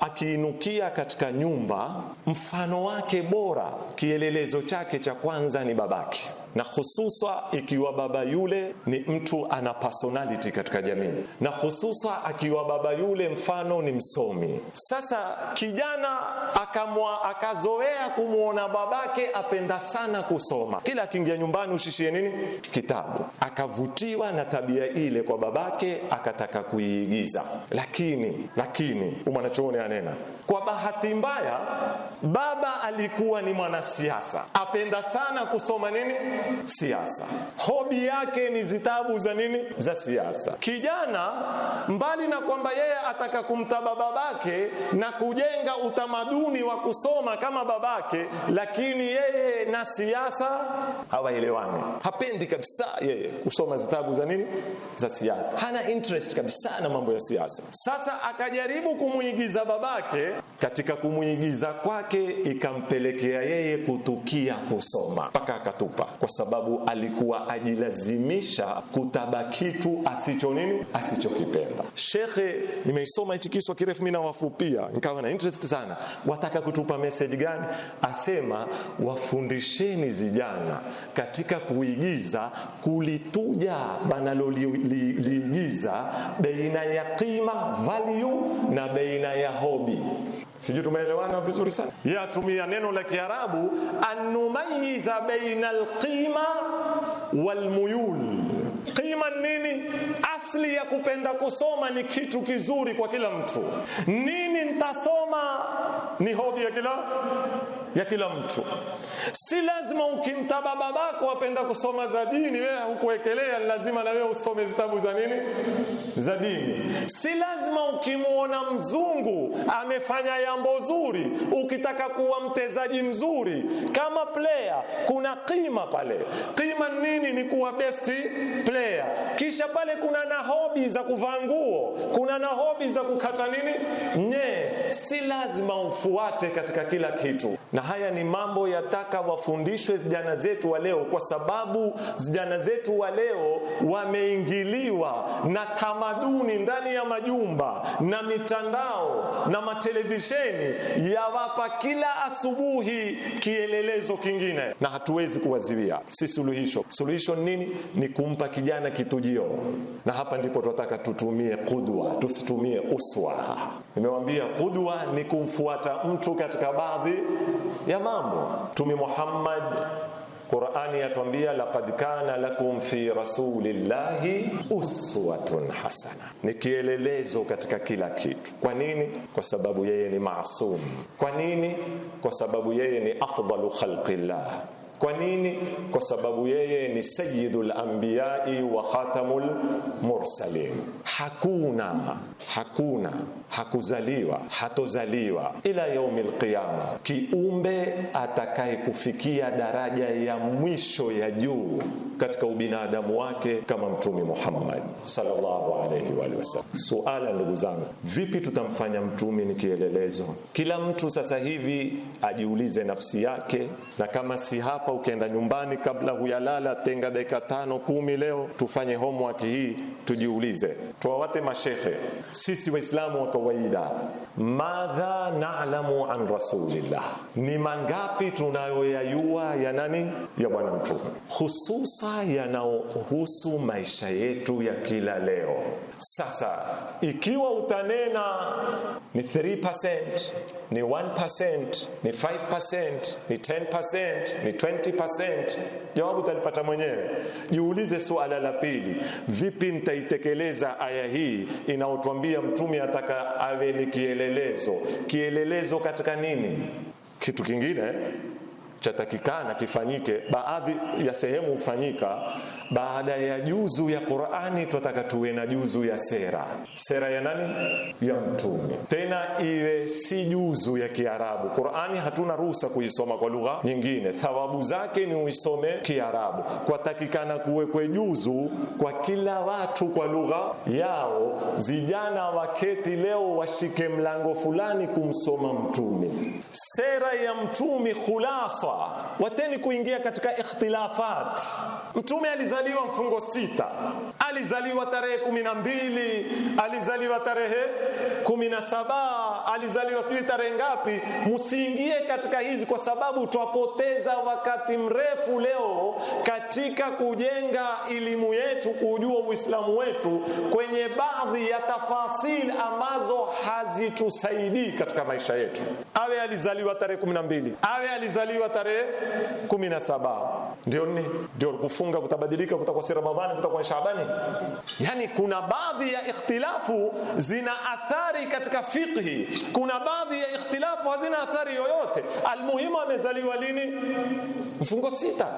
akiinukia katika nyumba, mfano wake bora, kielelezo chake cha kwanza ni babake na hususa ikiwa baba yule ni mtu ana personality katika jamii, na hususa akiwa baba yule mfano ni msomi. Sasa kijana akamwa akazoea kumwona babake apenda sana kusoma, kila akiingia nyumbani ushishie nini kitabu. Akavutiwa na tabia ile kwa babake, akataka kuiigiza. Lakini lakini umwanachuoni anena, kwa bahati mbaya baba alikuwa ni mwanasiasa, apenda sana kusoma nini siasa. Hobi yake ni zitabu za nini? Za siasa. Kijana mbali na kwamba yeye ataka kumtaba babake na kujenga utamaduni wa kusoma kama babake, lakini yeye na siasa hawaelewani. Hapendi kabisa yeye kusoma zitabu za nini? Za siasa. Hana interest kabisa na mambo ya siasa. Sasa akajaribu kumuigiza babake, katika kumuigiza kwake ikampelekea yeye kutukia kusoma mpaka akatupa kwa sababu alikuwa ajilazimisha kutaba kitu asicho nini asichokipenda. Shekhe, nimeisoma hichi kiswa kirefu, mimi nawafupia, nikawa na interest sana. Wataka kutupa message gani? Asema wafundisheni zijana katika kuigiza kulituja banaloliigiza, beina ya qima value na beina ya hobi sijui tumeelewana vizuri sana yeye atumia neno la kiarabu anumayiza baina alqima walmuyul qima nini asli ya kupenda kusoma ni kitu kizuri kwa kila mtu nini ntasoma ni hobi ya kila ya kila mtu. Si lazima ukimtaba babako apenda kusoma za dini, wewe hukuwekelea, lazima na wewe usome zitabu za nini za dini. Si lazima ukimuona mzungu amefanya jambo zuri, ukitaka kuwa mtezaji mzuri kama player, kuna kima pale. Kima nini? Ni kuwa best player. Kisha pale kuna na hobi za kuvaa nguo, kuna na hobi za kukata nini nye. Si lazima ufuate katika kila kitu na haya ni mambo yataka wafundishwe vijana zetu wa leo, kwa sababu vijana zetu wa leo wameingiliwa na tamaduni ndani ya majumba na mitandao na matelevisheni, yawapa kila asubuhi kielelezo kingine, na hatuwezi kuwaziwia. Si suluhisho. Suluhisho nini? Ni kumpa kijana kitujio, na hapa ndipo tunataka tutumie kudwa, tusitumie uswa. Nimewambia kudwa ni kumfuata mtu katika baadhi ya mambo. Mtume Muhammad, Qurani yatwambia laqad kana lakum fi rasulillahi uswatun hasana, ni kielelezo katika kila kitu. Kwa nini? Kwa sababu yeye ni maasum. Kwa nini? Kwa sababu yeye ni afdalu khalqillah kwa nini? Kwa sababu yeye ni sayyidul anbiyai wa khatamul mursalin. Hakuna, hakuna hakuzaliwa, hatozaliwa ila yaumil qiyama, kiumbe atakaye kufikia daraja ya mwisho ya juu katika ubinadamu wake kama Mtume Muhammad sallallahu alayhi wa sallam. Suala ndugu zangu, vipi tutamfanya mtume ni kielelezo? Kila mtu sasa hivi ajiulize nafsi yake, na kama si hapa hapa, ukienda nyumbani, kabla huyalala, tenga dakika tano kumi. Leo tufanye homework hii, tujiulize, tuwawate mashehe, sisi waislamu wa kawaida, madha na'lamu an rasulillah, ni mangapi tunayoyayua ya nani, ya bwana mtume, hususa yanaohusu maisha yetu ya kila leo. Sasa ikiwa utanena ni 3%, ni 1%, ni 5%, ni 10%, ni 20 50%. Jawabu utalipata mwenyewe. Jiulize suala la pili, vipi nitaitekeleza aya hii inaotwambia mtume ataka awe ni kielelezo? Kielelezo katika nini? Kitu kingine chatakikana kifanyike, baadhi ya sehemu hufanyika baada ya juzu ya Qur'ani, twataka tuwe na juzu ya sera. Sera ya nani? Ya Mtume, tena iwe si juzu ya Kiarabu. Qur'ani hatuna ruhusa kuisoma kwa lugha nyingine, thawabu zake ni uisome Kiarabu. Kwatakikana kuwekwe juzu kwa kila watu kwa lugha yao. Vijana waketi leo washike mlango fulani kumsoma Mtume, sera ya Mtume. Khulasa, wateni kuingia katika ikhtilafat. Mtume aliza alizaliwa mfungo sita, alizaliwa tarehe kumi na mbili, alizaliwa tarehe kumi na saba, alizaliwa sijui tarehe ngapi. Msiingie katika hizi, kwa sababu twapoteza wakati mrefu leo katika kujenga elimu yetu, kujua Uislamu wetu kwenye baadhi ya tafasil ambazo hazitusaidii katika maisha yetu. Awe alizaliwa tarehe 12, awe alizaliwa tarehe 17, ndio nini? Ndio kufunga kutabadilika kufika kutakuwa si Ramadhani kutakuwa ni Shaabani yani kuna baadhi ya ikhtilafu zina athari katika fiqhi kuna baadhi ya ikhtilafu hazina athari yoyote almuhimu amezaliwa lini mfungo sita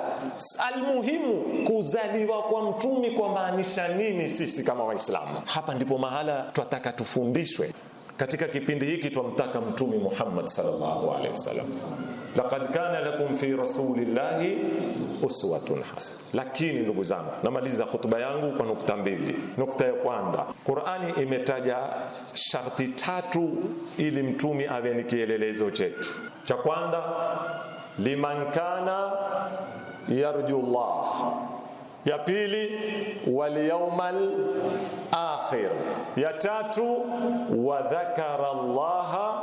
almuhimu kuzaliwa kwa mtumi kwa maanisha nini sisi kama waislamu hapa ndipo mahala twataka tufundishwe katika kipindi hiki twamtaka mtume Muhammad sallallahu alaihi wasallam laqad kana lakum fi rasulillahi uswatun hasana. Lakini ndugu zangu, namaliza hotuba yangu kwa nukta mbili. Nukta ya kwanza, Qur'ani imetaja sharti tatu ili mtume awe ni kielelezo chetu. Cha kwanza, liman kana yarju Allah. Ya pili, wal yawmal akhir. Ya tatu, wa dhakara Allaha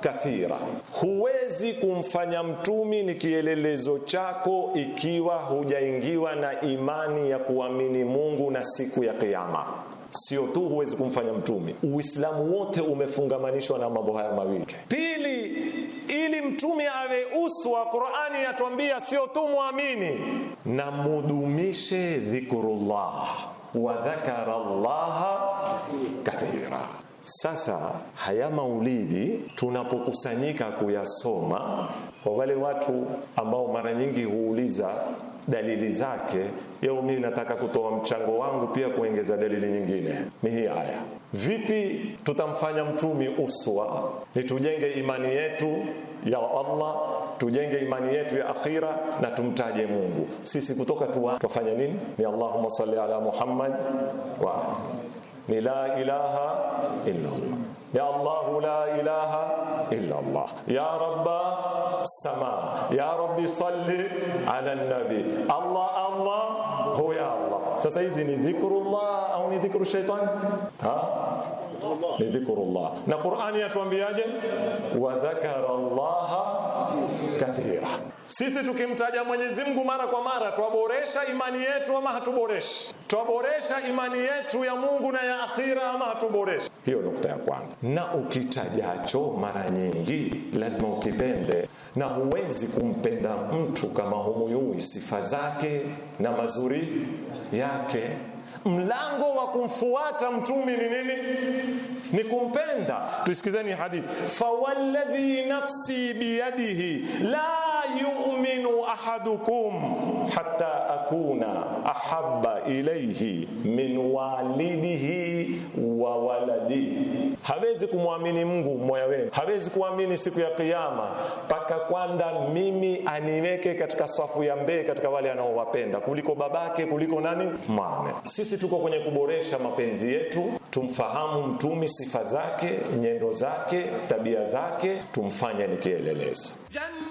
kathira. Huwezi kumfanya mtumi ni kielelezo chako ikiwa hujaingiwa na imani ya kuamini Mungu na siku ya Kiyama. Sio tu huwezi kumfanya mtumi, Uislamu wote umefungamanishwa na mambo haya mawili. Pili, ili mtume awe uswa, Qur'ani yatuambia sio tu muamini, na mudumishe dhikrullah wa dhakara Allah kathira. Sasa haya maulidi tunapokusanyika kuyasoma, kwa wale watu ambao mara nyingi huuliza dalili zake, yeo mimi nataka kutoa mchango wangu pia kuongeza dalili nyingine, ni hii aya Vipi tutamfanya mtumi uswa? Ni tujenge imani yetu ya Allah, tujenge imani yetu ya akhira na tumtaje Mungu. Sisi kutoka tu tuwafanya nini? Ni Allahumma salli ala Muhammad wa ni la ilaha illa Allah. Ya Allah la ilaha illa Allah. Ya Rabba sama. Ya Rabbi salli ala nabi. Allah Allah sasa hizi ni dhikrullah au ni dhikru shaitani? Ha? Ni dhikrullah. Na Qur'ani yatuambiaje? Wa dhakara Allaha kathira. Sisi tukimtaja Mwenyezi Mungu mara kwa mara twaboresha imani yetu ama hatuboreshi? Twaboresha imani yetu ya Mungu na ya akhira ama hatuboreshi? Hiyo nukta ya kwanza. Na ukitajacho mara nyingi lazima ukipende, na huwezi kumpenda mtu kama humuyui sifa zake na mazuri yake mlango wa kumfuata mtumi ni nini ni kumpenda tusikizeni hadithi fawalladhi nafsi biyadihi la yu'minu ahadukum hatta akuna ahabba ilaihi min walidihi wa waladihi, hawezi kumwamini Mungu moya wenu, hawezi kuamini siku ya Kiyama mpaka kwanza mimi aniweke katika swafu ya mbele katika wale anaowapenda kuliko babake kuliko nani mwana. Sisi tuko kwenye kuboresha mapenzi yetu, tumfahamu mtumi, sifa zake, nyendo zake, tabia zake, tumfanye ni kielelezo Jan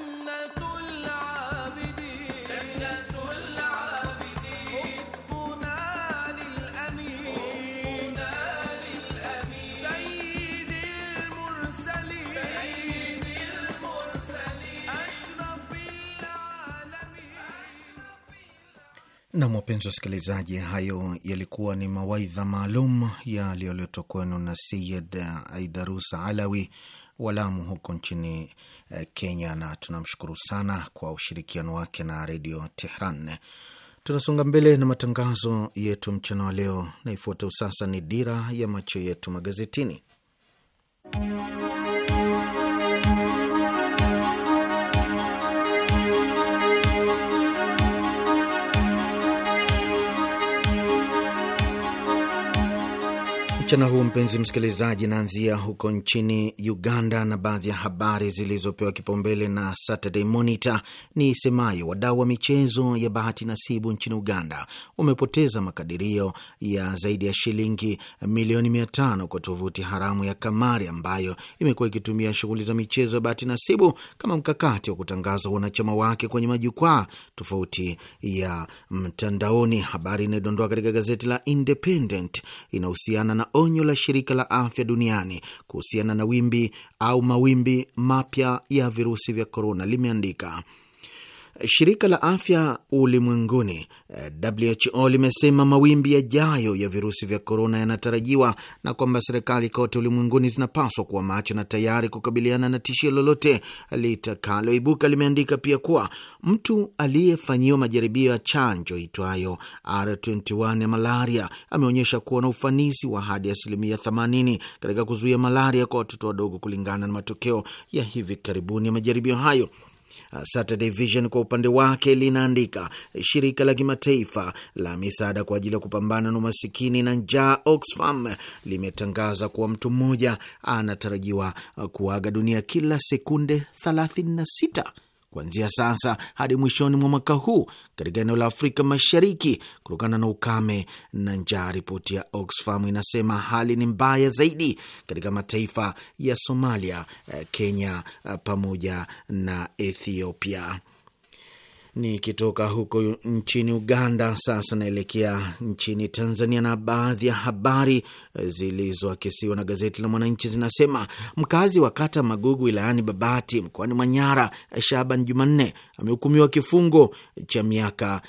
Nam, wapenzi wasikilizaji, hayo yalikuwa ni mawaidha maalum yaliyoletwa kwenu na Sayid Aidarus Alawi Walamu huko nchini eh, Kenya, na tunamshukuru sana kwa ushirikiano wake na Redio Tehran. Tunasonga mbele na matangazo yetu mchana wa leo, na ifuatayo sasa ni dira ya macho yetu magazetini mchana huu, mpenzi msikilizaji, naanzia huko nchini Uganda na baadhi ya habari zilizopewa kipaumbele na Saturday Monitor ni semayo wadau wa michezo ya bahati nasibu nchini Uganda wamepoteza makadirio ya zaidi ya shilingi milioni mia tano kwa tovuti haramu ya kamari ambayo imekuwa ikitumia shughuli za michezo ya bahati nasibu kama mkakati wa kutangaza wanachama wake kwenye majukwaa tofauti ya mtandaoni. Habari inayodondoa katika gazeti la Independent inahusiana na onyo la shirika la afya duniani kuhusiana na wimbi au mawimbi mapya ya virusi vya korona limeandika Shirika la Afya Ulimwenguni eh, WHO limesema mawimbi yajayo ya virusi vya korona yanatarajiwa na kwamba serikali kote ulimwenguni zinapaswa kuwa macho na tayari kukabiliana na tishio lolote litakaloibuka. Limeandika pia kuwa mtu aliyefanyiwa majaribio ya chanjo itwayo R21 ya malaria ameonyesha kuwa na ufanisi wa hadi asilimia 80 katika kuzuia malaria kwa watoto wadogo kulingana na matokeo ya hivi karibuni ya majaribio hayo. Uh, Saturday Vision kwa upande wake linaandika shirika la kimataifa la misaada kwa ajili ya kupambana na umasikini na njaa Oxfam limetangaza kuwa mtu mmoja anatarajiwa uh, kuaga dunia kila sekunde 36 kuanzia sasa hadi mwishoni mwa mwaka huu katika eneo la Afrika Mashariki kutokana na ukame na njaa. Ripoti ya Oxfam inasema hali ni mbaya zaidi katika mataifa ya Somalia, eh, Kenya eh, pamoja na Ethiopia. Nikitoka huko nchini Uganda, sasa naelekea nchini Tanzania, na baadhi ya habari eh, zilizoakisiwa na gazeti la Mwananchi zinasema mkazi wa kata Magugu wilayani Babati mkoani Manyara, Shaban Jumanne amehukumiwa kifungo cha miaka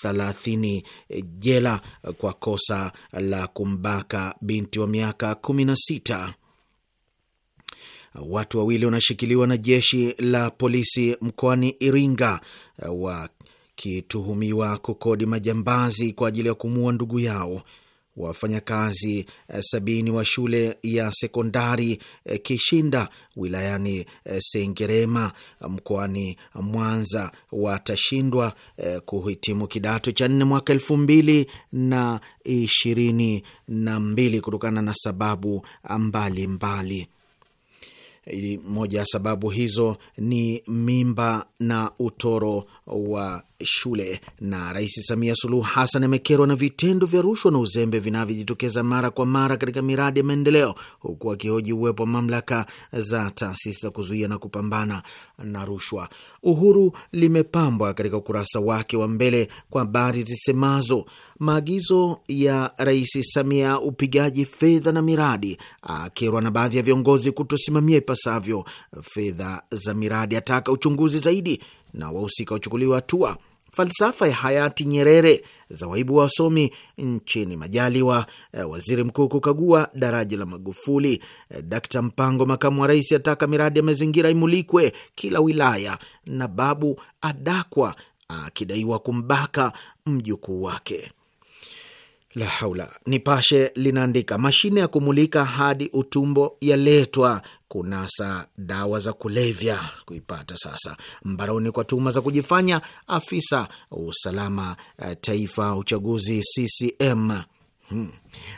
thelathini eh, jela kwa kosa la kumbaka binti wa miaka kumi na sita watu wawili wanashikiliwa na jeshi la polisi mkoani Iringa wakituhumiwa kukodi majambazi kwa ajili ya kumuua ndugu yao. Wafanyakazi eh, sabini wa shule ya sekondari eh, Kishinda wilayani eh, Sengerema mkoani Mwanza watashindwa kuhitimu kidato cha nne mwaka elfu mbili na ishirini na mbili kutokana na sababu mbalimbali mbali. Moja ya sababu hizo ni mimba na utoro wa shule. Na Rais Samia Suluhu Hassan amekerwa na vitendo vya rushwa na uzembe vinavyojitokeza mara kwa mara katika miradi ya maendeleo, huku akihoji uwepo wa mamlaka za taasisi za kuzuia na kupambana na rushwa. Uhuru limepambwa katika ukurasa wake wa mbele kwa habari zisemazo maagizo ya Rais Samia upigaji fedha na miradi, akerwa na baadhi ya viongozi kutosimamia ipasavyo fedha za miradi, ataka uchunguzi zaidi na wahusika wachukuliwa hatua falsafa ya hayati Nyerere za waibu wa wasomi nchini Majaliwa, e, waziri mkuu kukagua daraja la Magufuli, e, Dkt Mpango makamu wa rais ataka miradi ya mazingira imulikwe kila wilaya, na babu adakwa akidaiwa kumbaka mjukuu wake. La haula. Nipashe linaandika mashine ya kumulika hadi utumbo yaletwa kunasa dawa za kulevya kuipata sasa, mbaroni kwa tuhuma za kujifanya afisa usalama eh, taifa uchaguzi CCM. Hmm.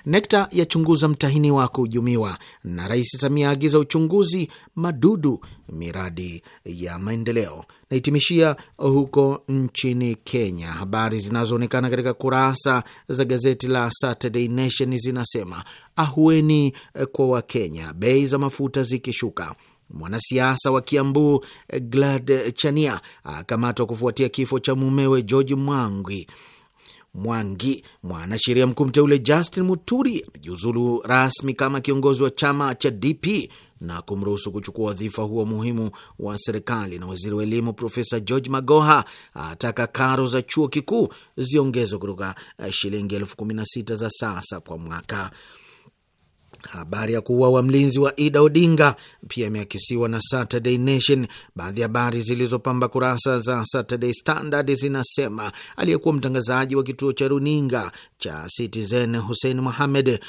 Nekta yachunguza mtahini wa kuhujumiwa, na Rais Samia aagiza uchunguzi madudu miradi ya maendeleo. Nahitimishia huko nchini Kenya. Habari zinazoonekana katika kurasa za gazeti la Saturday Nation zinasema ahueni kwa Wakenya, bei za mafuta zikishuka. Mwanasiasa wa Kiambu Glad Chania akamatwa kufuatia kifo cha mumewe George Mwangi. Mwangi. Mwanasheria mkuu mteule Justin Muturi amejiuzulu rasmi kama kiongozi wa chama cha DP na kumruhusu kuchukua wadhifa huo muhimu wa serikali. Na waziri wa elimu Profesa George Magoha ataka karo za chuo kikuu ziongezwe kutoka eh, shilingi elfu kumi na sita za sasa kwa mwaka. Habari ya kuuawa mlinzi wa Ida Odinga pia imeakisiwa na Saturday Nation. Baadhi ya habari zilizopamba kurasa za Saturday Standard zinasema aliyekuwa mtangazaji wa kituo cha runinga cha Citizen Hussein Mohamed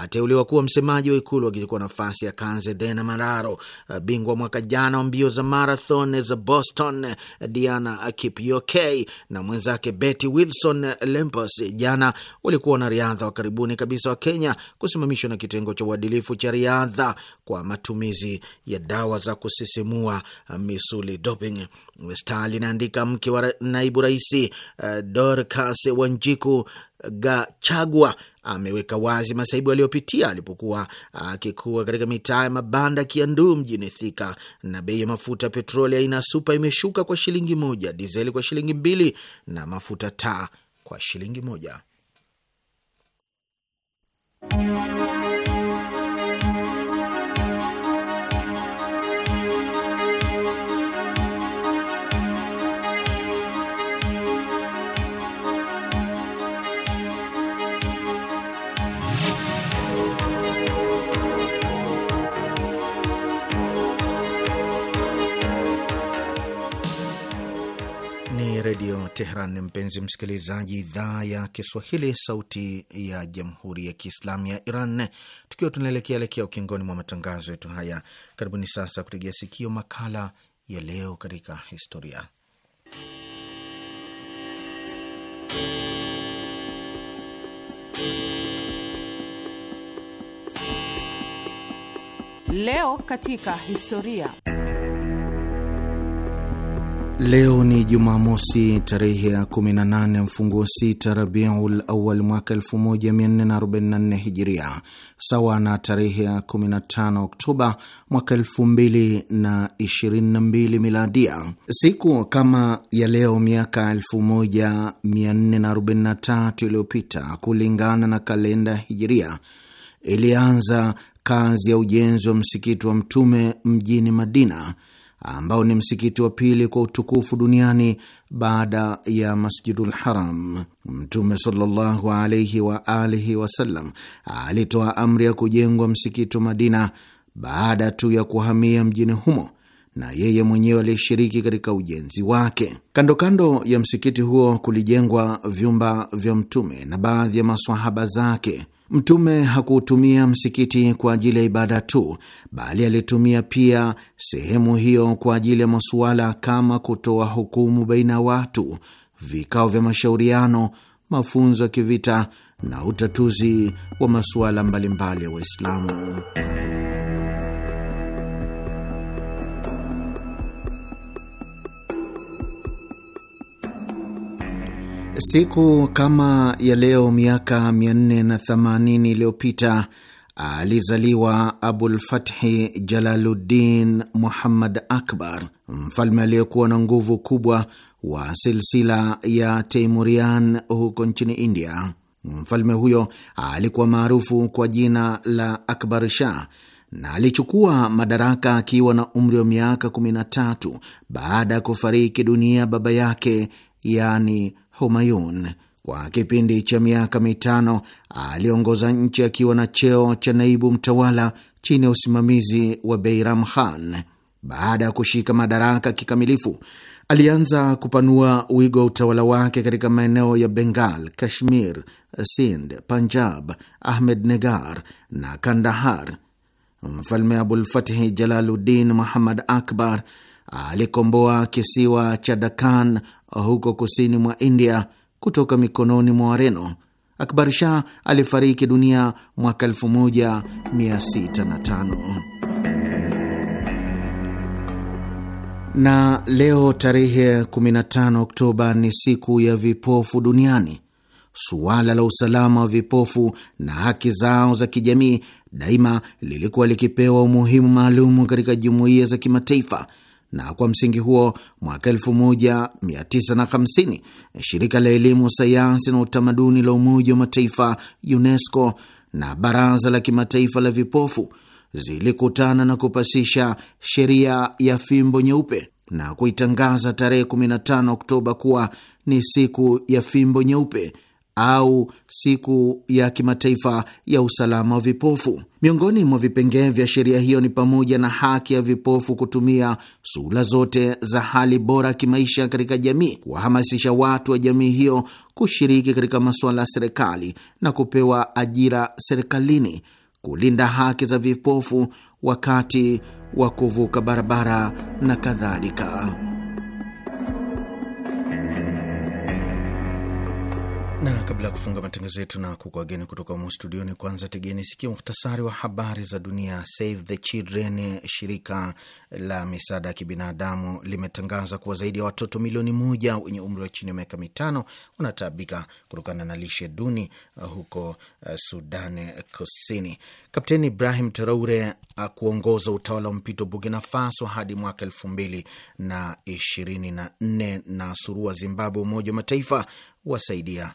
ateuliwa kuwa msemaji wa ikulu akichukua nafasi ya Kanze Dena Mararo. Bingwa mwaka jana wa mbio za marathon za Boston Diana Kipyokei na mwenzake Betty Wilson Lempos jana walikuwa wanariadha wa karibuni kabisa wa Kenya kusimamishwa na kitengo cha cha uadilifu cha riadha kwa matumizi ya dawa za kusisimua misuli doping. Stali inaandika mke wa naibu rais eh, Dorcas Wanjiku Gachagua ameweka wazi masaibu aliyopitia alipokuwa akikua katika mitaa ya mabanda Kiandu mjini Thika. Na bei ya mafuta petroli aina ya supa imeshuka kwa shilingi moja, dizeli kwa shilingi mbili na mafuta taa kwa shilingi moja. Redio Tehran, mpenzi msikilizaji, idhaa ya Kiswahili, sauti ya jamhuri ya kiislamu ya Iran. Tukiwa tunaelekea elekea ukingoni mwa matangazo yetu haya, karibuni sasa kutegea sikio makala ya leo katika historia. Leo katika historia Leo ni Jumamosi tarehe ya 18 mfunguo sita Rabiul Awal mwaka 1444 Hijiria, sawa na tarehe ya 15 Oktoba mwaka 2022 Miladia. Siku kama ya leo miaka 1443 iliyopita kulingana na kalenda Hijiria, ilianza kazi ya ujenzi wa msikiti wa Mtume mjini Madina ambao ni msikiti wa pili kwa utukufu duniani baada ya Masjidul Haram. Mtume sallallahu alaihi wa alihi wasallam alitoa amri ya kujengwa msikiti wa Madina baada tu ya kuhamia mjini humo, na yeye mwenyewe alishiriki katika ujenzi wake. Kando kando ya msikiti huo kulijengwa vyumba vya Mtume na baadhi ya maswahaba zake. Mtume hakuutumia msikiti kwa ajili ya ibada tu, bali alitumia pia sehemu hiyo kwa ajili ya masuala kama kutoa hukumu baina ya watu, vikao vya mashauriano, mafunzo ya kivita na utatuzi wa masuala mbalimbali ya Waislamu. Siku kama ya leo miaka 480 iliyopita alizaliwa Abulfathi Jalaluddin Muhammad Akbar, mfalme aliyekuwa na nguvu kubwa wa silsila ya Teimurian huko nchini India. Mfalme huyo alikuwa maarufu kwa jina la Akbar Shah na alichukua madaraka akiwa na umri wa miaka 13 baada ya kufariki dunia baba yake, yani Humayun. Kwa kipindi cha miaka mitano aliongoza nchi akiwa na cheo cha naibu mtawala chini ya usimamizi wa Beiram Khan. Baada ya kushika madaraka kikamilifu, alianza kupanua wigo wa utawala wake katika maeneo ya Bengal, Kashmir, Sind, Punjab, negar na Kandahar. Mfalme Abulfatihi Jalaluddin Muhammad Akbar alikomboa kisiwa cha Dakan huko kusini mwa India kutoka mikononi mwa Wareno. Akbar Shah alifariki dunia mwaka 1605 na leo tarehe 15 Oktoba ni siku ya vipofu duniani. Suala la usalama wa vipofu na haki zao za kijamii daima lilikuwa likipewa umuhimu maalum katika jumuiya za kimataifa na kwa msingi huo mwaka 1950 shirika la elimu, sayansi na utamaduni la Umoja wa Mataifa UNESCO na Baraza la Kimataifa la Vipofu zilikutana na kupasisha sheria ya fimbo nyeupe na kuitangaza tarehe 15 Oktoba kuwa ni siku ya fimbo nyeupe au siku ya kimataifa ya usalama wa vipofu. Miongoni mwa vipengee vya sheria hiyo ni pamoja na haki ya vipofu kutumia suhula zote za hali bora ya kimaisha katika jamii, kuwahamasisha watu wa jamii hiyo kushiriki katika masuala ya serikali na kupewa ajira serikalini, kulinda haki za vipofu wakati wa kuvuka barabara na kadhalika. Na kabla ya kufunga matangazo yetu na kukuageni kutoka humo studioni, kwanza tegeni sikia muhtasari wa habari za dunia. Save the Children, shirika la misaada ya kibinadamu, limetangaza kuwa zaidi ya watoto milioni moja wenye umri wa chini ya miaka mitano wanataabika kutokana na lishe duni uh, huko uh, Sudan Kusini. Kapteni Ibrahim Traore akuongoza utawala wa mpito Burkina Faso hadi mwaka elfu mbili na ishirini na nne na surua Zimbabwe. Umoja wa Mataifa wasaidia